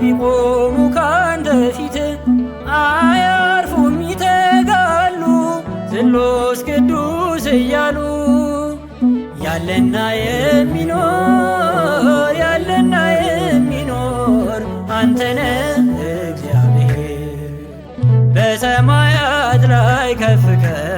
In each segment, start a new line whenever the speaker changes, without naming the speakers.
ቢቆሙ ካንተ ፊት አያርፉም ይተጋሉ ዘሎስ ቅዱስ እያሉ ያለና የሚኖር ያለና የሚኖር አንተነ እግዚአብሔር በሰማያት ላይ ከፍ ከፍ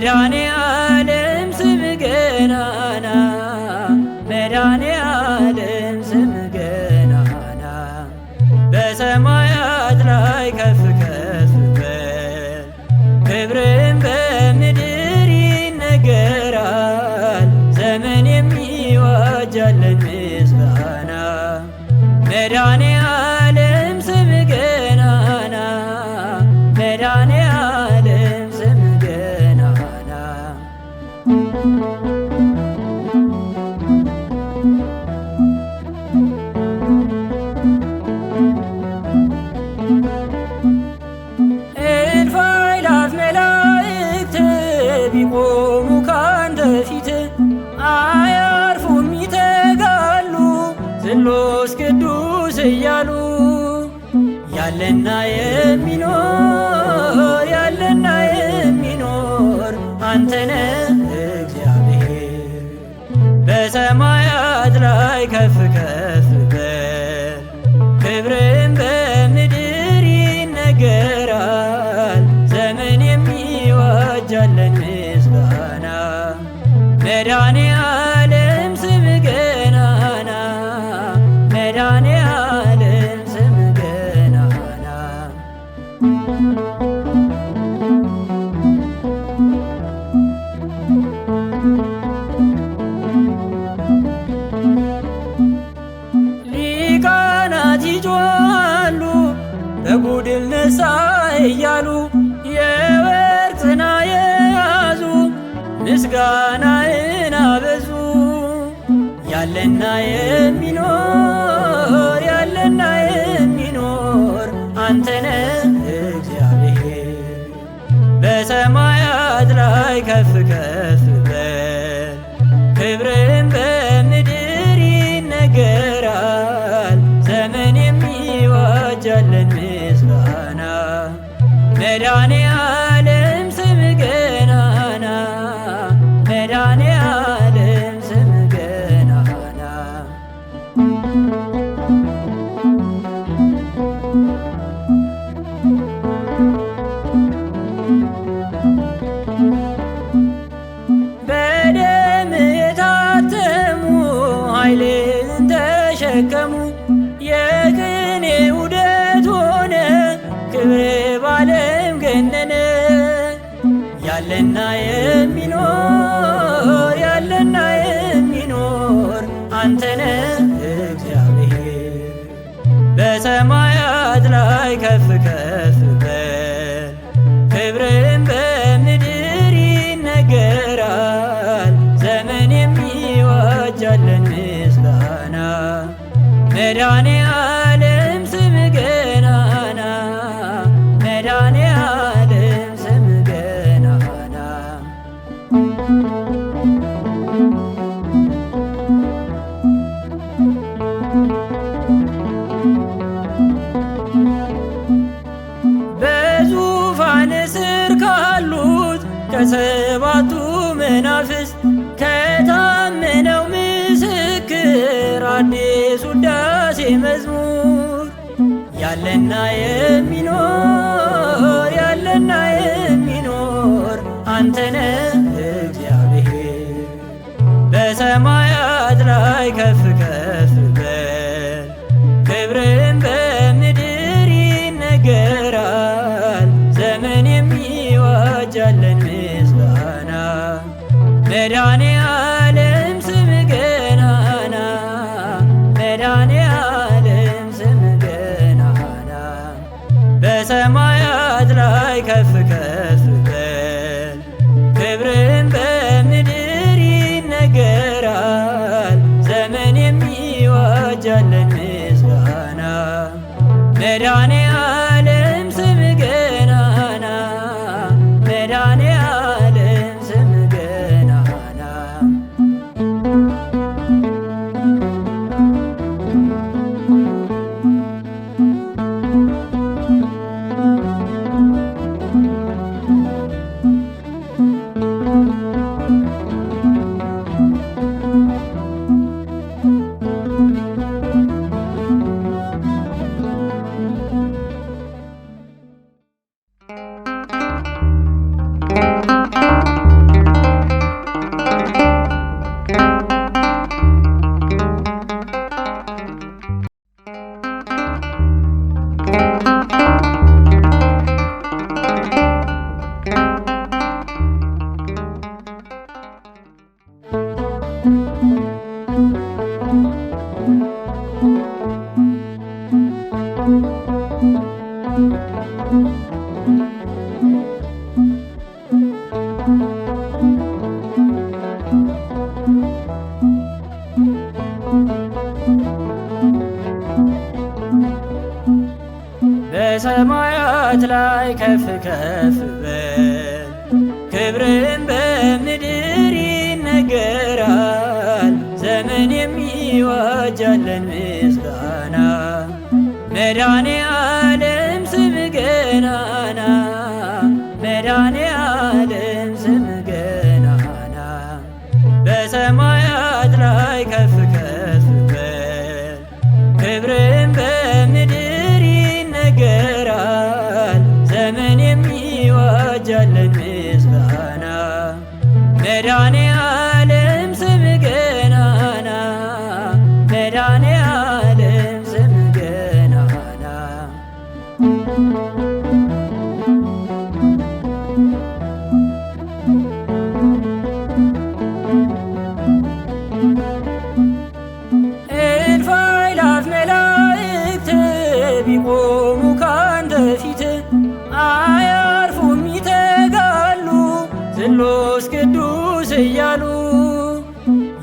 veraneando. እያሉ ያለና দায়ে መዝሙር ያለና የሚኖር ያለና የሚኖር አንተነ እግዚአብሔር በሰማያት ላይ ከፍ വരാനേ በሰማያት ላይ ከፍ ከፍ በል ክብርን በምድር ይነገራል። ዘመን የሚዋጃለን ምስጋና መድኃኔ ዓለም ስም ገና ቢቆሙ ካንተ ፊት አያርፉም ይተጋሉ ዘሎስ ቅዱስ እያሉ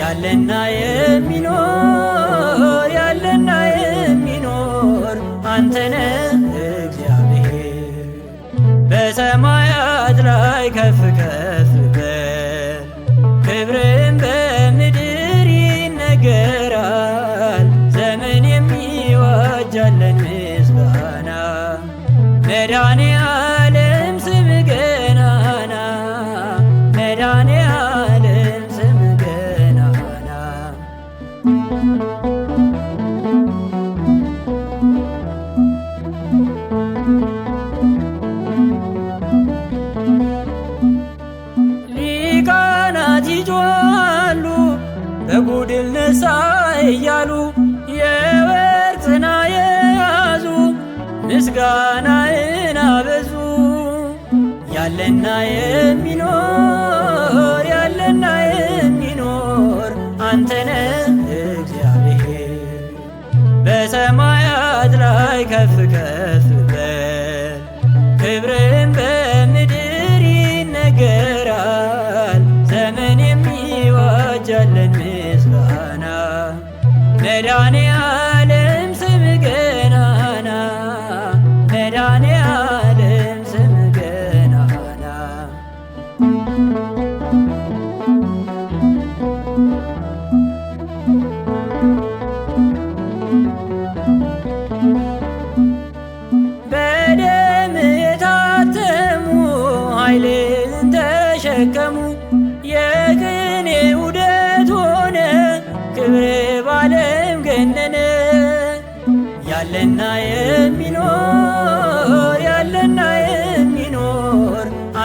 ያለና የሚኖር ያለና የሚኖር አንተነ መድኃኔ ዓለም ስም ገናና መድኃኔ ዓለም ስም ገናና ሊቃናት ይጮኻሉ በጉድል ነሳ እያሉ የወርቅ ጽና የያዙ ምስጋና ያለና የሚኖር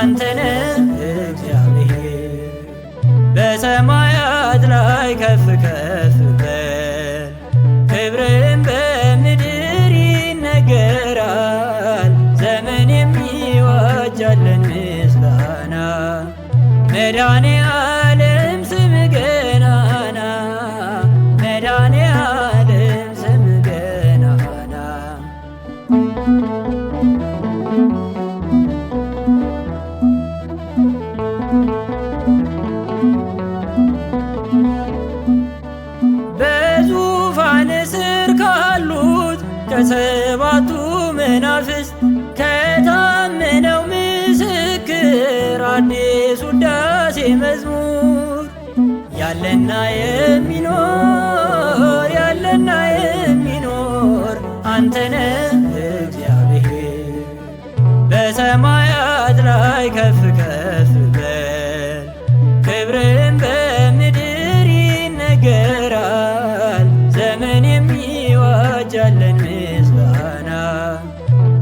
mantener አዲስ ውዳሴ መዝሙር ያለና የሚኖር ያለና የሚኖር አንተነ እግዚአብሔር በሰማያት ላይ ከፍ ከፍ በል ክብርን በምድር ይነገራል። ዘመን የሚዋጅ የሚዋጃለን ምስጋና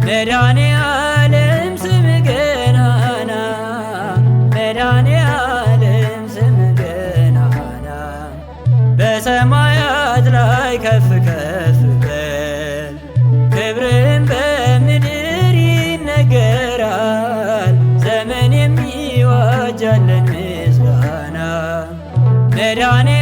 መድኃኔ Veronica.